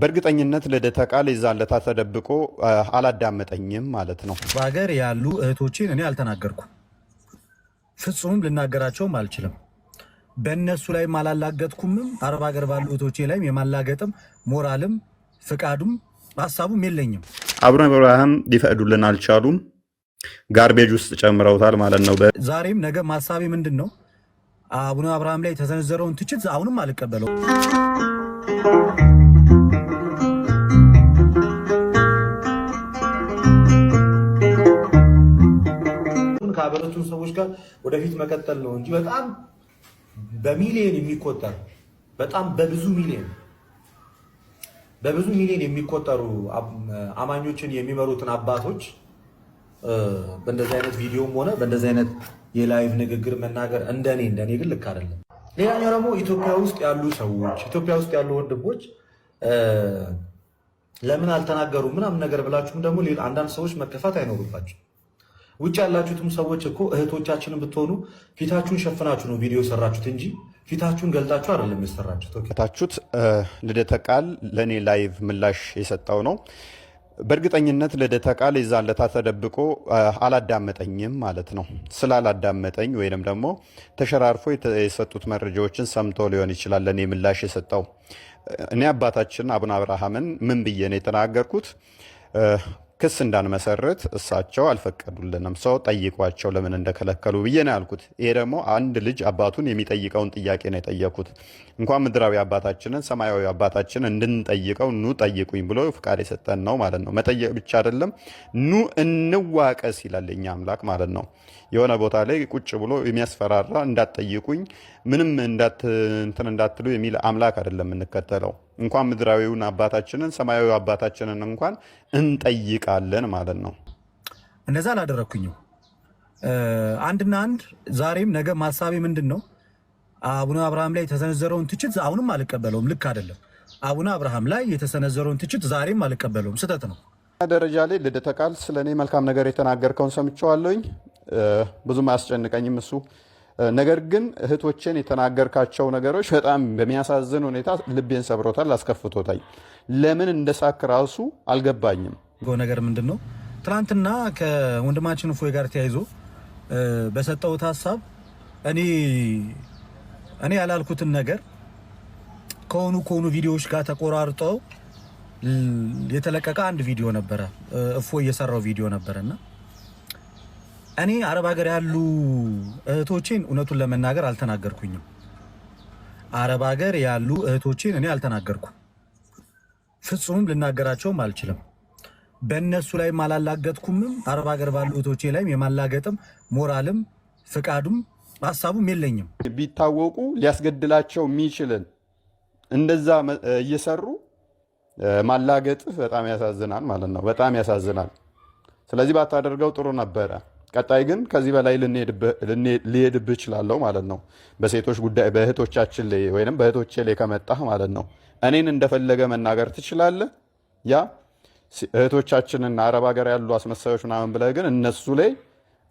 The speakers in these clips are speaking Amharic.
በእርግጠኝነት ልደተ ቃል ይዛለታ ተደብቆ አላዳመጠኝም ማለት ነው። በሀገር ያሉ እህቶችን እኔ አልተናገርኩም፣ ፍጹምም ልናገራቸውም አልችልም። በእነሱ ላይም አላላገጥኩምም። አረብ ሀገር ባሉ እህቶቼ ላይም የማላገጥም ሞራልም ፍቃዱም ሀሳቡም የለኝም። አቡነ አብርሃም ሊፈቅዱልን አልቻሉም። ጋርቤጅ ውስጥ ጨምረውታል ማለት ነው። ዛሬም ነገ ማሳቤ ምንድን ነው? አቡነ አብርሃም ላይ የተሰነዘረውን ትችት አሁንም አልቀበለው ከሀገሮቹን ሰዎች ጋር ወደፊት መቀጠል ነው እንጂ በጣም በሚሊዮን የሚቆጠር በጣም በብዙ ሚሊዮን በብዙ ሚሊዮን የሚቆጠሩ አማኞችን የሚመሩትን አባቶች በእንደዚህ አይነት ቪዲዮም ሆነ በእንደዚህ አይነት የላይቭ ንግግር መናገር እንደኔ እንደኔ ግን ልክ አይደለም። ሌላኛው ደግሞ ኢትዮጵያ ውስጥ ያሉ ሰዎች ኢትዮጵያ ውስጥ ያሉ ወንድሞች ለምን አልተናገሩ ምናምን ነገር ብላችሁም ደግሞ ሌላ አንዳንድ ሰዎች መከፋት አይኖሩባቸው። ውጭ ያላችሁትም ሰዎች እኮ እህቶቻችንን ብትሆኑ ፊታችሁን ሸፍናችሁ ነው ቪዲዮ የሰራችሁት እንጂ ፊታችሁን ገልጣችሁ አይደለም የሰራችሁት። ልደተ ቃል ለእኔ ላይቭ ምላሽ የሰጠው ነው። በእርግጠኝነት ልደተ ቃል የዛን ለታ ተደብቆ አላዳመጠኝም ማለት ነው። ስላላዳመጠኝ ወይንም ደግሞ ተሸራርፎ የሰጡት መረጃዎችን ሰምቶ ሊሆን ይችላል ለእኔ ምላሽ የሰጠው እኔ አባታችን አቡነ አብርሃምን ምን ብዬ ነው የተናገርኩት? ክስ እንዳንመሰረት እሳቸው አልፈቀዱልንም፣ ሰው ጠይቋቸው ለምን እንደከለከሉ ብዬ ነው ያልኩት። ይሄ ደግሞ አንድ ልጅ አባቱን የሚጠይቀውን ጥያቄ ነው የጠየኩት። እንኳን ምድራዊ አባታችንን ሰማያዊ አባታችን እንድንጠይቀው ኑ ጠይቁኝ ብሎ ፍቃድ የሰጠን ነው ማለት ነው። መጠየቅ ብቻ አይደለም፣ ኑ እንዋቀስ ይላል እኛ አምላክ ማለት ነው። የሆነ ቦታ ላይ ቁጭ ብሎ የሚያስፈራራ እንዳትጠይቁኝ፣ ምንም እንትን እንዳትሉ የሚል አምላክ አይደለም የምንከተለው። እንኳን ምድራዊውን አባታችንን ሰማያዊ አባታችንን እንኳን እንጠይቃለን ማለት ነው። እንደዛ አላደረግኩኝም። አንድና አንድ ዛሬም ነገ ማሳቤ ምንድን ነው አቡነ አብርሃም ላይ የተሰነዘረውን ትችት አሁንም አልቀበለውም። ልክ አይደለም። አቡነ አብርሃም ላይ የተሰነዘረውን ትችት ዛሬም አልቀበለውም። ስህተት ነው። ደረጃ ላይ ልደተ ቃል ስለ እኔ መልካም ነገር የተናገርከውን ሰምቼዋለሁኝ። ብዙም አያስጨንቀኝም እሱ ነገር ግን እህቶችን የተናገርካቸው ነገሮች በጣም በሚያሳዝን ሁኔታ ልቤን ሰብሮታል፣ አስከፍቶታል። ለምን እንደሳክ ራሱ አልገባኝም። ነገር ምንድን ነው ትናንትና ከወንድማችን እፎይ ጋር ተያይዞ በሰጠሁት ሀሳብ እኔ እኔ ያላልኩትን ነገር ከሆኑ ከሆኑ ቪዲዮዎች ጋር ተቆራርጠው የተለቀቀ አንድ ቪዲዮ ነበረ። እፎ እየሰራው ቪዲዮ ነበረና እኔ አረብ ሀገር ያሉ እህቶቼን እውነቱን ለመናገር አልተናገርኩኝም። አረብ ሀገር ያሉ እህቶቼን እኔ አልተናገርኩም፣ ፍጹምም ልናገራቸውም አልችልም። በእነሱ ላይም አላላገጥኩምም። አረብ ሀገር ባሉ እህቶቼ ላይም የማላገጥም ሞራልም ፍቃዱም ሀሳቡም የለኝም። ቢታወቁ ሊያስገድላቸው የሚችልን እንደዛ እየሰሩ ማላገጥህ በጣም ያሳዝናል ማለት ነው። በጣም ያሳዝናል። ስለዚህ ባታደርገው ጥሩ ነበረ። ቀጣይ ግን ከዚህ በላይ ሊሄድብህ እችላለሁ ማለት ነው። በሴቶች ጉዳይ በእህቶቻችን ላይ ወይም በእህቶቼ ላይ ከመጣህ ማለት ነው እኔን እንደፈለገ መናገር ትችላለህ። ያ እህቶቻችንና አረብ ሀገር ያሉ አስመሳዮች ምናምን ብለህ ግን እነሱ ላይ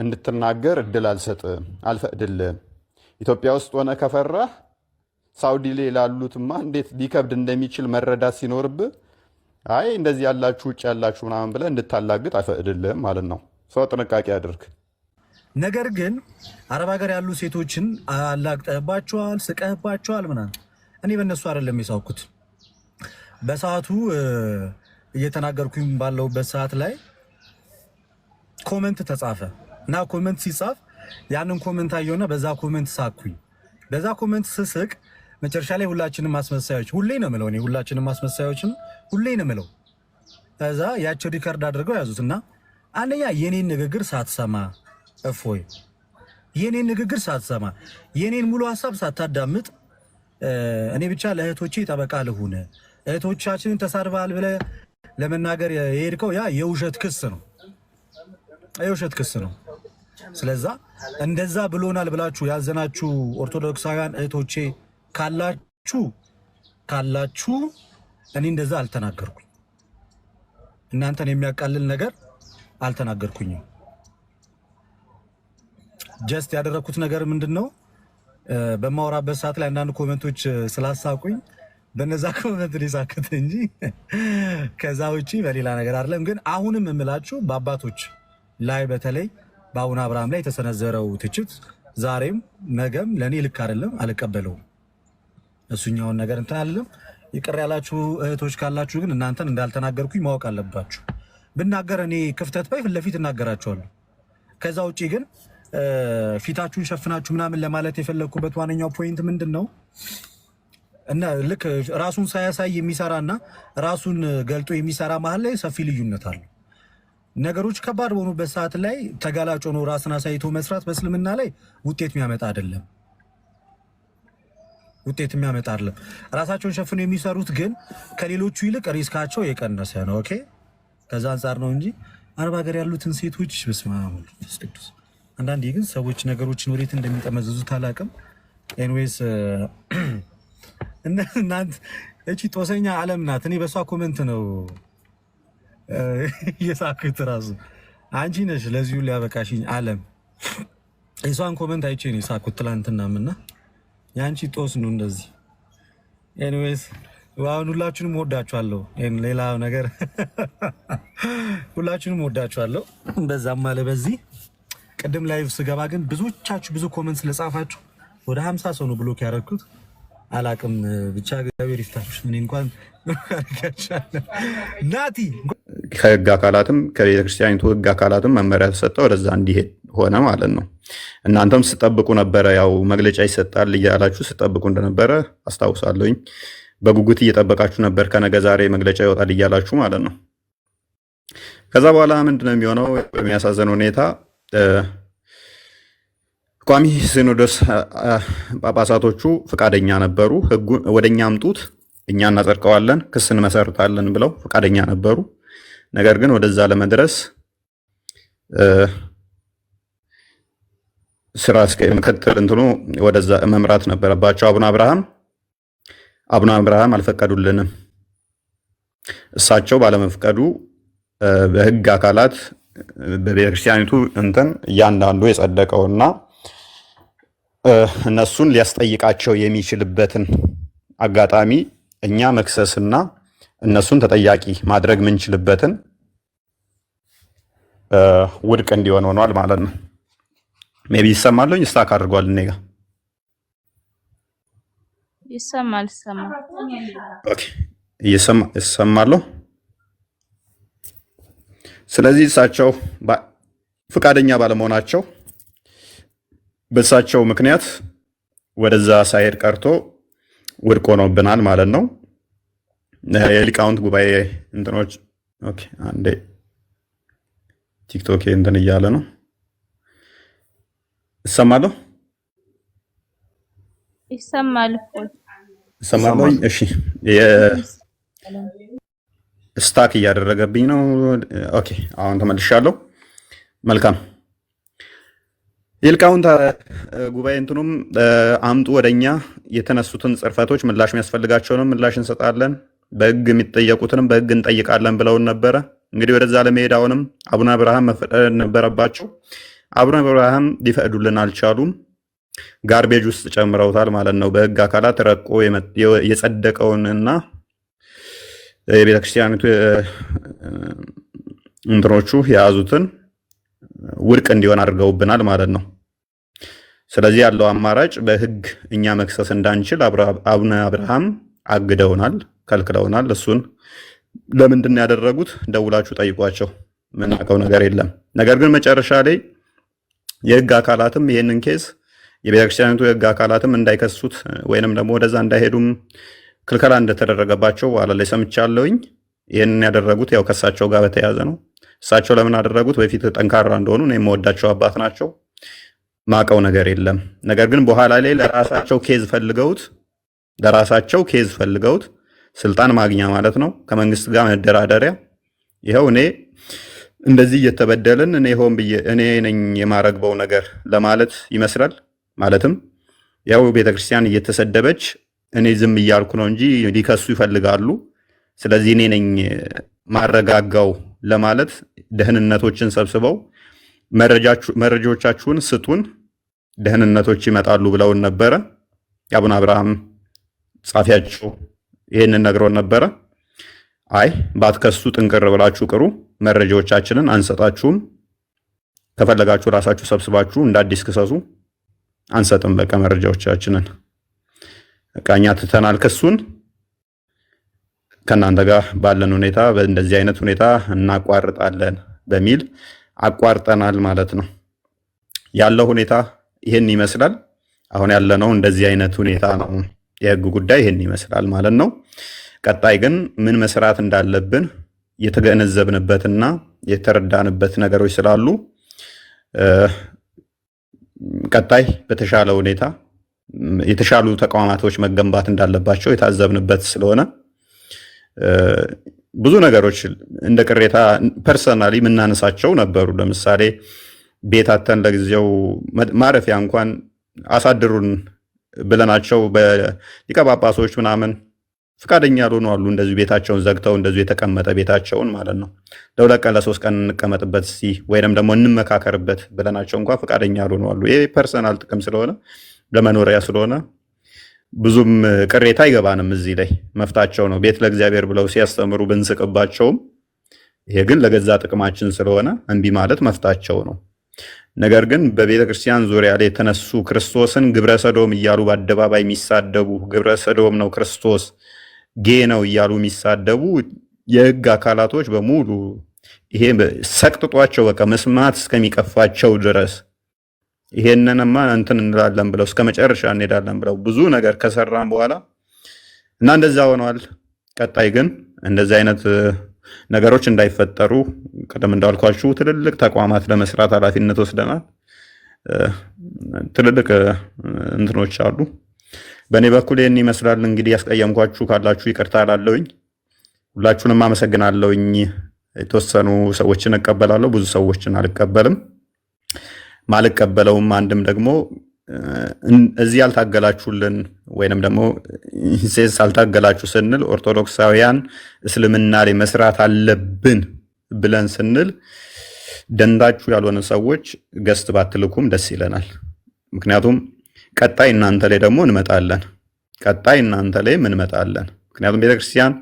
እንድትናገር እድል አልሰጥም፣ አልፈቅድልም። ኢትዮጵያ ውስጥ ሆነ ከፈራህ ሳውዲ ላይ ላሉትማ እንዴት ሊከብድ እንደሚችል መረዳት ሲኖርብ አይ እንደዚህ ያላችሁ ውጭ ያላችሁ ምናምን ብለህ እንድታላግጥ አይፈቅድልም ማለት ነው። ሰው ጥንቃቄ አድርግ። ነገር ግን አረብ ሀገር ያሉ ሴቶችን አላግጠህባቸዋል፣ ስቀህባቸዋል ምናምን። እኔ በእነሱ አይደለም የሳውኩት በሰዓቱ እየተናገርኩኝ ባለሁበት ሰዓት ላይ ኮመንት ተጻፈ። እና ኮመንት ሲጻፍ ያንን ኮመንት አየውና በዛ ኮመንት ሳኩኝ። በዛ ኮመንት ስስቅ መጨረሻ ላይ ሁላችንም ማስመሳዮች ሁሌ ነው ምለው፣ ሁላችንም ማስመሳዮችም ሁሌ ነው ምለው። ከዛ ያቸው ሪከርድ አድርገው ያዙት እና አንደኛ የኔን ንግግር ሳትሰማ እፎይ፣ የኔን ንግግር ሳትሰማ የኔን ሙሉ ሀሳብ ሳታዳምጥ እኔ ብቻ ለእህቶቼ ጠበቃ ልሁን እህቶቻችንን ተሳድበሃል ብለህ ለመናገር የሄድከው ያ የውሸት ክስ ነው፣ የውሸት ክስ ነው። ስለዛ እንደዛ ብሎናል ብላችሁ ያዘናችሁ ኦርቶዶክሳውያን እህቶቼ ካላችሁ ካላችሁ እኔ እንደዛ አልተናገርኩኝ። እናንተን የሚያቃልል ነገር አልተናገርኩኝም። ጀስት ያደረግኩት ነገር ምንድን ነው? በማወራበት ሰዓት ላይ አንዳንድ ኮመንቶች ስላሳቁኝ በነዛ ኮመንት ሊሳክት እንጂ ከዛ ውጭ በሌላ ነገር አይደለም። ግን አሁንም የምላችሁ በአባቶች ላይ በተለይ በአቡነ አብርሃም ላይ የተሰነዘረው ትችት ዛሬም ነገም ለእኔ ልክ አይደለም፣ አልቀበለውም። እሱኛውን ነገር እንትን አደለም ይቅር ያላችሁ እህቶች ካላችሁ ግን እናንተን እንዳልተናገርኩኝ ማወቅ አለባችሁ። ብናገር እኔ ክፍተት ባይ ፊት ለፊት ከዛ ውጭ ግን ፊታችሁን ሸፍናችሁ ምናምን ለማለት የፈለግኩበት ዋነኛው ፖይንት ምንድን ነው እና ልክ ራሱን ሳያሳይ እና ራሱን ገልጦ የሚሰራ መሀል ላይ ሰፊ ልዩነት አለው። ነገሮች ከባድ በሆኑበት ሰዓት ላይ ተጋላጭ ሆኖ ራስን አሳይቶ መስራት በእስልምና ላይ ውጤት የሚያመጣ አይደለም። ውጤት የሚያመጣ አይደለም። ራሳቸውን ሸፍነው የሚሰሩት ግን ከሌሎቹ ይልቅ ሪስካቸው የቀነሰ ነው። ኦኬ፣ ከዛ አንጻር ነው እንጂ አረብ ሀገር ያሉትን ሴቶች በስመ አብ ቅዱስ። አንዳንዴ ግን ሰዎች ነገሮችን ወዴት እንደሚጠመዘዙት አላውቅም። ኤንዌይስ እናንት እቺ ጦሰኛ ዓለም ናት። እኔ በሷ ኮመንት ነው የሳክት ራሱ አንቺ ነሽ ለዚሁ ሊያበቃሽኝ አለም። የሷን ኮመንት አይቼ ነው የሳኩት ትላንትና ምና የአንቺ ጦስ ነው እንደዚህ። ኤኒዌይስ አሁን ሁላችሁንም ወዳችኋለሁ። ሌላ ነገር ሁላችሁንም ወዳችኋለሁ። በዛም አለ በዚህ ቅድም ላይቭ ስገባ ግን ብዙዎቻችሁ ብዙ ኮመንት ስለጻፋችሁ ወደ ሀምሳ ሰው ነው ብሎክ ያደረግኩት። አላቅም ብቻ እግዚአብሔር ይፍታችሁ። እኔ እንኳን ናቲ ከህግ አካላትም ከቤተክርስቲያኒቱ ህግ አካላትም መመሪያ ተሰጠ፣ ወደዛ እንዲሄድ ሆነ ማለት ነው። እናንተም ስጠብቁ ነበረ፣ ያው መግለጫ ይሰጣል እያላችሁ ስጠብቁ እንደነበረ አስታውሳለሁኝ። በጉጉት እየጠበቃችሁ ነበር፣ ከነገ ዛሬ መግለጫ ይወጣል እያላችሁ ማለት ነው። ከዛ በኋላ ምንድን ነው የሚሆነው? በሚያሳዝን ሁኔታ ቋሚ ሲኖዶስ ጳጳሳቶቹ ፈቃደኛ ነበሩ። ህጉን ወደኛ አምጡት እኛ እናጸድቀዋለን፣ ክስ እንመሰርታለን ብለው ፈቃደኛ ነበሩ። ነገር ግን ወደዛ ለመድረስ ስራ እስከ ምክትል እንትኑ ወደዛ መምራት ነበረባቸው። አቡነ አብርሃም አቡነ አብርሃም አልፈቀዱልንም። እሳቸው ባለመፍቀዱ በህግ አካላት በቤተክርስቲያኒቱ እንትን እያንዳንዱ የጸደቀውና እነሱን ሊያስጠይቃቸው የሚችልበትን አጋጣሚ እኛ መክሰስና እነሱን ተጠያቂ ማድረግ የምንችልበትን ውድቅ እንዲሆን ሆኗል ማለት ነው። ሜቢ ይሰማለኝ ስታክ አድርጓል እኔ ጋ ይሰማል ይሰማል። ስለዚህ እሳቸው ፍቃደኛ ባለመሆናቸው በእሳቸው ምክንያት ወደዛ ሳይሄድ ቀርቶ ውድቅ ሆኖብናል ማለት ነው። የሊቃውንት ጉባኤ እንትኖች ኦኬ፣ አንዴ ቲክቶክ እንትን እያለ ነው። እሰማለሁ ይሰማል እሰማለሁ። ስታክ እያደረገብኝ ነው። ኦኬ፣ አሁን ተመልሻለሁ። መልካም የሊቃውንት ጉባኤ እንትኑም አምጡ ወደኛ የተነሱትን ጽርፈቶች ምላሽ የሚያስፈልጋቸውንም ምላሽ እንሰጣለን። በሕግ የሚጠየቁትንም በሕግ እንጠይቃለን ብለውን ነበረ። እንግዲህ ወደዛ ለመሄድ አሁንም አቡነ አብርሃም መፈቀድ ነበረባቸው። አቡነ አብርሃም ሊፈቅዱልን አልቻሉም። ጋርቤጅ ውስጥ ጨምረውታል ማለት ነው። በሕግ አካላት ረቆ የጸደቀውንና የቤተክርስቲያኒቱ እንትኖቹ የያዙትን ውድቅ እንዲሆን አድርገውብናል ማለት ነው። ስለዚህ ያለው አማራጭ በሕግ እኛ መክሰስ እንዳንችል አቡነ አብርሃም አግደውናል። ከልክለውናል። እሱን ለምንድን ነው ያደረጉት? ደውላችሁ ጠይቋቸው። ምናውቀው ነገር የለም። ነገር ግን መጨረሻ ላይ የህግ አካላትም ይህንን ኬዝ የቤተክርስቲያኒቱ የህግ አካላትም እንዳይከሱት ወይንም ደግሞ ወደዛ እንዳይሄዱም ክልከላ እንደተደረገባቸው በኋላ ላይ ሰምቻለሁኝ። ይህንን ያደረጉት ያው ከእሳቸው ጋር በተያያዘ ነው። እሳቸው ለምን አደረጉት? በፊት ጠንካራ እንደሆኑ እኔ የምወዳቸው አባት ናቸው። ማቀው ነገር የለም። ነገር ግን በኋላ ላይ ለራሳቸው ኬዝ ፈልገውት ለራሳቸው ኬዝ ፈልገውት ስልጣን ማግኛ ማለት ነው፣ ከመንግስት ጋር መደራደሪያ። ይኸው እኔ እንደዚህ እየተበደልን እኔ ሆን ብዬ እኔ ነኝ የማረግበው ነገር ለማለት ይመስላል። ማለትም ያው ቤተክርስቲያን እየተሰደበች እኔ ዝም እያልኩ ነው እንጂ ሊከሱ ይፈልጋሉ። ስለዚህ እኔ ነኝ ማረጋጋው ለማለት ደህንነቶችን ሰብስበው መረጃዎቻችሁን ስጡን ደህንነቶች ይመጣሉ ብለውን ነበረ። የአቡነ አብርሃም ጻፊያቸው ይህንን ነግሮን ነበረ። አይ ባትከሱ ጥንቅር ብላችሁ ቅሩ፣ መረጃዎቻችንን አንሰጣችሁም፣ ከፈለጋችሁ ራሳችሁ ሰብስባችሁ እንደ አዲስ ክሰሱ፣ አንሰጥም፣ በቃ መረጃዎቻችንን እቃኛ ትተናል ክሱን ከእናንተ ጋር ባለን ሁኔታ በእንደዚህ አይነት ሁኔታ እናቋርጣለን በሚል አቋርጠናል ማለት ነው። ያለው ሁኔታ ይህን ይመስላል። አሁን ያለነው እንደዚህ አይነት ሁኔታ ነው። የህግ ጉዳይ ይህን ይመስላል ማለት ነው። ቀጣይ ግን ምን መስራት እንዳለብን የተገነዘብንበትና የተረዳንበት ነገሮች ስላሉ ቀጣይ በተሻለ ሁኔታ የተሻሉ ተቋማቶች መገንባት እንዳለባቸው የታዘብንበት ስለሆነ ብዙ ነገሮች እንደ ቅሬታ ፐርሰናሊ የምናነሳቸው ነበሩ። ለምሳሌ ቤታተን ለጊዜው ማረፊያ እንኳን አሳድሩን ብለናቸው በሊቀ ጳጳሶች ምናምን ፍቃደኛ ያልሆኑ አሉ። እንደዚሁ ቤታቸውን ዘግተው እንደዚሁ የተቀመጠ ቤታቸውን ማለት ነው ለሁለት ቀን ለሶስት ቀን እንቀመጥበት ሲ ወይም ደግሞ እንመካከርበት ብለናቸው እንኳ ፈቃደኛ ያልሆኑ አሉ። ይህ ፐርሰናል ጥቅም ስለሆነ ለመኖሪያ ስለሆነ ብዙም ቅሬታ አይገባንም። እዚህ ላይ መፍታቸው ነው። ቤት ለእግዚአብሔር ብለው ሲያስተምሩ ብንስቅባቸውም፣ ይሄ ግን ለገዛ ጥቅማችን ስለሆነ እምቢ ማለት መፍታቸው ነው። ነገር ግን በቤተ ክርስቲያን ዙሪያ ላይ የተነሱ ክርስቶስን ግብረ ሰዶም እያሉ በአደባባይ የሚሳደቡ ግብረ ሰዶም ነው ክርስቶስ ጌ ነው እያሉ የሚሳደቡ የህግ አካላቶች በሙሉ ይሄ ሰቅጥጧቸው በቃ መስማት እስከሚቀፋቸው ድረስ ይሄንንማ እንትን እንላለን ብለው እስከ መጨረሻ እንሄዳለን ብለው ብዙ ነገር ከሰራም በኋላ እና እንደዛ ሆነዋል። ቀጣይ ግን እንደዚህ አይነት ነገሮች እንዳይፈጠሩ ቀደም እንዳልኳችሁ ትልልቅ ተቋማት ለመስራት ኃላፊነት ወስደናል። ትልልቅ እንትኖች አሉ። በእኔ በኩል ይህን ይመስላል። እንግዲህ ያስቀየምኳችሁ ካላችሁ ይቅርታ አላለውኝ። ሁላችሁንም አመሰግናለውኝ። የተወሰኑ ሰዎችን እቀበላለሁ፣ ብዙ ሰዎችን አልቀበልም። ማልቀበለውም አንድም ደግሞ እዚህ ያልታገላችሁልን ወይንም ደግሞ ሴስ አልታገላችሁ ስንል ኦርቶዶክሳውያን እስልምና ላይ መስራት አለብን ብለን ስንል ደንታችሁ ያልሆነ ሰዎች ገስት ባትልኩም ደስ ይለናል። ምክንያቱም ቀጣይ እናንተ ላይ ደግሞ እንመጣለን። ቀጣይ እናንተ ላይም እንመጣለን። ምክንያቱም ቤተክርስቲያን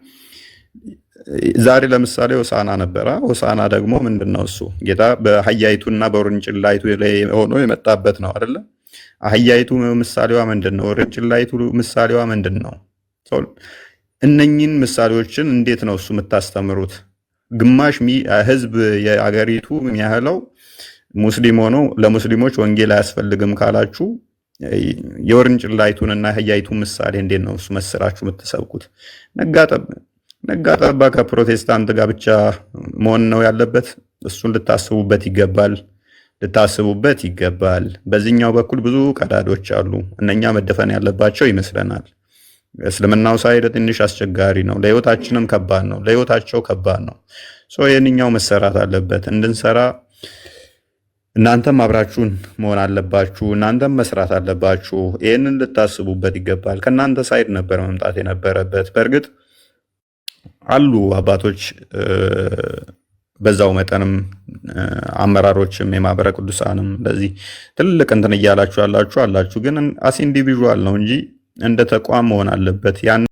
ዛሬ ለምሳሌ ሆሳና ነበረ። ሆሳና ደግሞ ምንድን ነው እሱ ጌታ በአህያይቱና በውርንጭላይቱ ላይ ሆኖ የመጣበት ነው አይደለም አህያይቱ ምሳሌዋ ምንድን ነው? ርጭላይቱ ምሳሌዋ ምንድን ነው? እነኝን ምሳሌዎችን እንዴት ነው እሱ የምታስተምሩት? ግማሽ ህዝብ የአገሪቱ የሚያህለው ሙስሊም ሆኖ ለሙስሊሞች ወንጌል አያስፈልግም ካላችሁ የወርንጭላይቱንና አህያይቱ ምሳሌ እንዴት ነው እሱ መስራችሁ የምትሰብኩት? ነጋጠባ ከፕሮቴስታንት ጋር ብቻ መሆን ነው ያለበት? እሱን ልታስቡበት ይገባል። ልታስቡበት ይገባል። በዚህኛው በኩል ብዙ ቀዳዶች አሉ። እነኛ መደፈን ያለባቸው ይመስለናል። እስልምናው ሳይድ ትንሽ አስቸጋሪ ነው። ለህይወታችንም ከባድ ነው። ለህይወታቸው ከባድ ነው። ይህንኛው መሰራት አለበት እንድንሰራ እናንተም አብራችሁን መሆን አለባችሁ። እናንተም መስራት አለባችሁ። ይህንን ልታስቡበት ይገባል። ከእናንተ ሳይድ ነበር መምጣት የነበረበት። በእርግጥ አሉ አባቶች በዛው መጠንም አመራሮችም የማህበረ ቅዱሳንም እንደዚህ ትልቅ እንትን እያላችሁ ያላችሁ አላችሁ፣ ግን አስ ኢንዲቪዥዋል ነው እንጂ እንደ ተቋም መሆን አለበት ያን